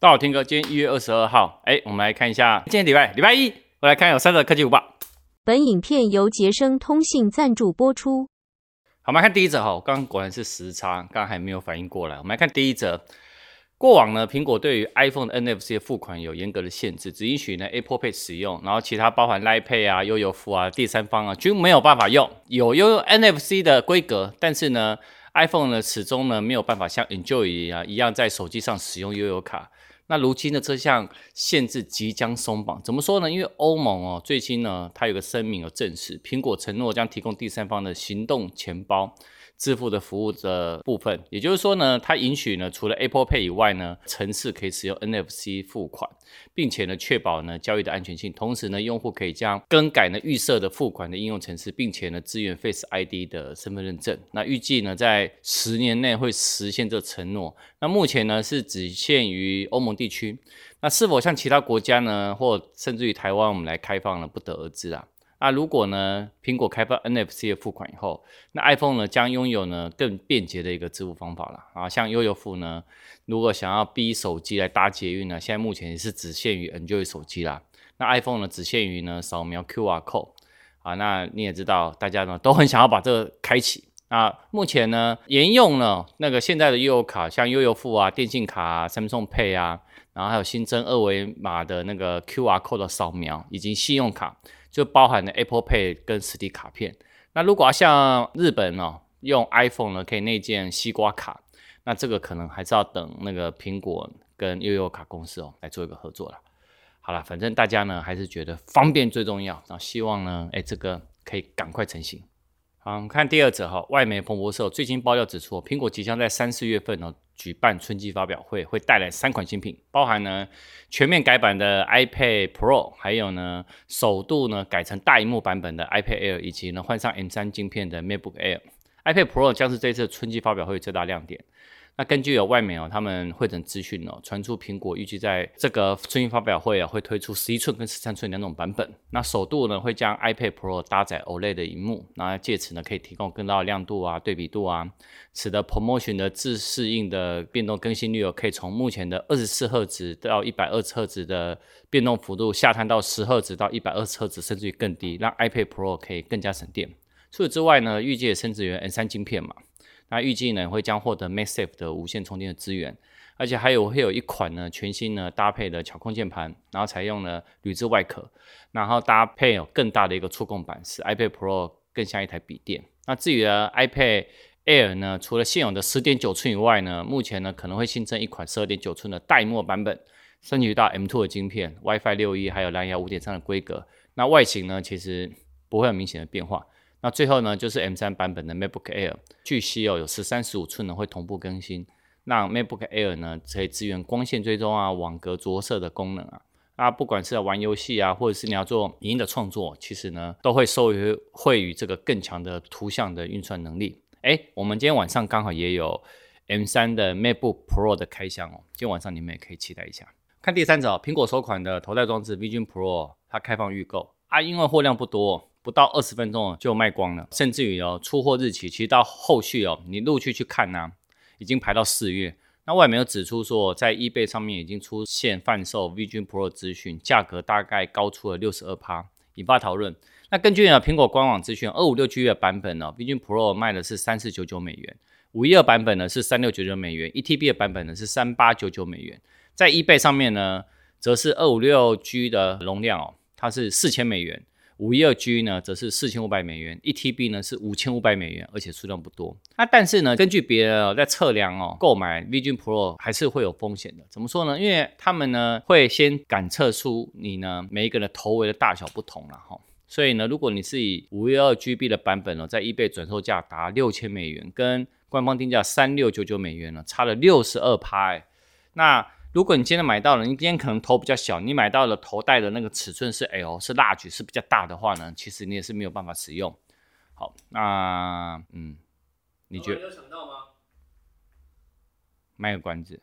大家好，Tim 哥，今天一月二十二號，欸，我們來看一下，今天禮拜禮拜一，我來看有三則科技午報。本影片由傑昇通信贊助播出。好嘛，我們來看第一則哈，我剛剛果然是時差，剛剛還沒有反應過來。我們來看第一則。過往呢，蘋果對於 iPhone 的 NFC 的付款有嚴格的限制，只允許呢 Apple Pay 使用，然後其他包含 Line Pay 啊、悠遊付啊、第三方啊，均沒有辦法用。有悠遊 NFC 的規格，但是呢。iPhone 呢，始終呢沒有辦法像 Enjoy 一樣，在手機上使用悠遊卡。那如今的這項限制即將鬆綁，怎麼說呢？因為歐盟哦、喔，最新呢，它有個聲明，有證實蘋果承諾將提供第三方的行動錢包支付的服務的部分。也就是說呢，它允許呢，除了 Apple Pay 以外呢，城市可以使用 NFC 付款，並且呢，確保呢交易的安全性。同時呢，用戶可以將更改呢預設的付款的應用程式，並且呢，支援 Face ID 的身份認證。那預計呢，在十年內會實現這承諾。那目前呢，是只限於歐盟。地區，那是否像其他國家呢，或甚至於台灣，我們來開放了，不得而知啦、啊。那、啊、如果呢，蘋果開放 NFC 的付款以後，那 iPhone 呢將擁有呢更便捷的一個支付方法了啊。像悠遊付呢，如果想要逼手機來搭捷運呢，現在目前也是只限於 Android 手機啦。那 iPhone 呢，只限於呢掃描 QR code 啊。那你也知道，大家呢都很想要把這個開啟。那、啊、目前呢，沿用了那個現在的悠遊卡，像悠遊付啊、電信卡啊、Samsung Pay 啊，然後還有新增二維碼的那個 QR Code 的掃描，以及信用卡，就包含了 Apple Pay 跟實體卡片。那如果像日本哦，用 iPhone 呢可以內建西瓜卡，那這個可能還是要等那個蘋果跟悠遊卡公司哦來做一個合作啦。好啦，反正大家呢還是覺得方便最重要，那希望呢，誒，這個可以趕快成型。好，我們看第二則哈，外媒彭博社最新爆料指出，蘋果即將在三四月份呢舉辦春季發表會，會帶來三款新品，包含呢全面改版的 iPad Pro，還有呢首度呢改成大熒幕版本的 iPad Air，以及呢換上 M3 晶片的 MacBook Air。iPad Pro 將是這次春季發表會最大亮點。那根據有外媒哦，他們彙整資訊哦傳出，蘋果預計在這個春季發表會啊，會推出十一寸跟十三寸兩種版本。那首度呢會將 iPad Pro 搭載 OLED 的螢幕，那借此呢可以提供更高的亮度啊、對比度啊，使得 Promotion 的自適應的變動更新率哦可以從目前的二十四赫茲到一百二十赫茲的變動幅度下探到十赫茲到一百二十赫茲，甚至於更低，讓 iPad Pro 可以更加省電。除此之外呢，預計升級元 N 三晶片嘛。那預計呢會將獲得 Massive 的無線充電的資源，而且還有會有一款呢全新呢搭配的巧控鍵盤，然後採用了鋁制外殼，然後搭配有更大的一個觸控板使 iPad Pro 更像一台筆電。那至於呢 iPad Air 呢，除了現有的十點九寸以外呢，目前呢可能會新增一款十二點九寸的代墨版本，升級到 M2 的晶片，WiFi 六一還有藍牙五點三的規格。那外形呢其實不會很明顯的變化。那最後呢，就是 M3 版本的 MacBook Air，據悉哦，有十三、十五寸呢會同步更新。那 MacBook Air 呢，可以支援光線追蹤啊、網格着色的功能啊。啊，不管是玩遊戲啊，或者是你要做影音的創作，其實呢，都會受益會與這個更強的圖像的運算能力。誒，我們今天晚上剛好也有 M3 的 MacBook Pro 的開箱哦，今天晚上你們也可以期待一下。看第三者哦，蘋果首款的頭戴裝置 Vision Pro，它開放預購啊，因為貨量不多。不到二十分鐘哦，就賣光了，甚至於哦，出貨日期其實到後續哦，你陸續去看呢，啊，已經排到四月。那外面有指出說，在 eBay 上面已經出現販售 Vision Pro 資訊，價格大概高出了六十二趴，引發討論。那根據呢，蘋果官網資訊，二五六 G 的版本哦 Vision Pro 賣的是三四九九美元，五一二版本呢是三六九九美元，一 T B 的版本呢是三八九九美元。在 eBay 上面呢，則是二五六 G 的容量哦，它是四千美元。五一二 G 呢，則是四千五百美元，一 TB 呢是五千五百美元，而且數量不多。那、啊、但是呢，根據別人在測量哦，購買 Vision Pro 還是會有風險的。怎麼說呢？因為他們呢會先感測出你呢每一個人的頭圍的大小不同了哈，所以呢，如果你是以五一二 GB 的版本哦，在 eBay 轉售價達六千美元，跟官方定價三六九九美元呢，差了六十二趴。那如果你今天買到了，你今天可能頭比較小，你買到了頭戴的那個尺寸是 L，是 Large，是比較大的話呢，其實你也是沒有辦法使用。好，那嗯，你覺得？沒有想到嗎？賣個關子。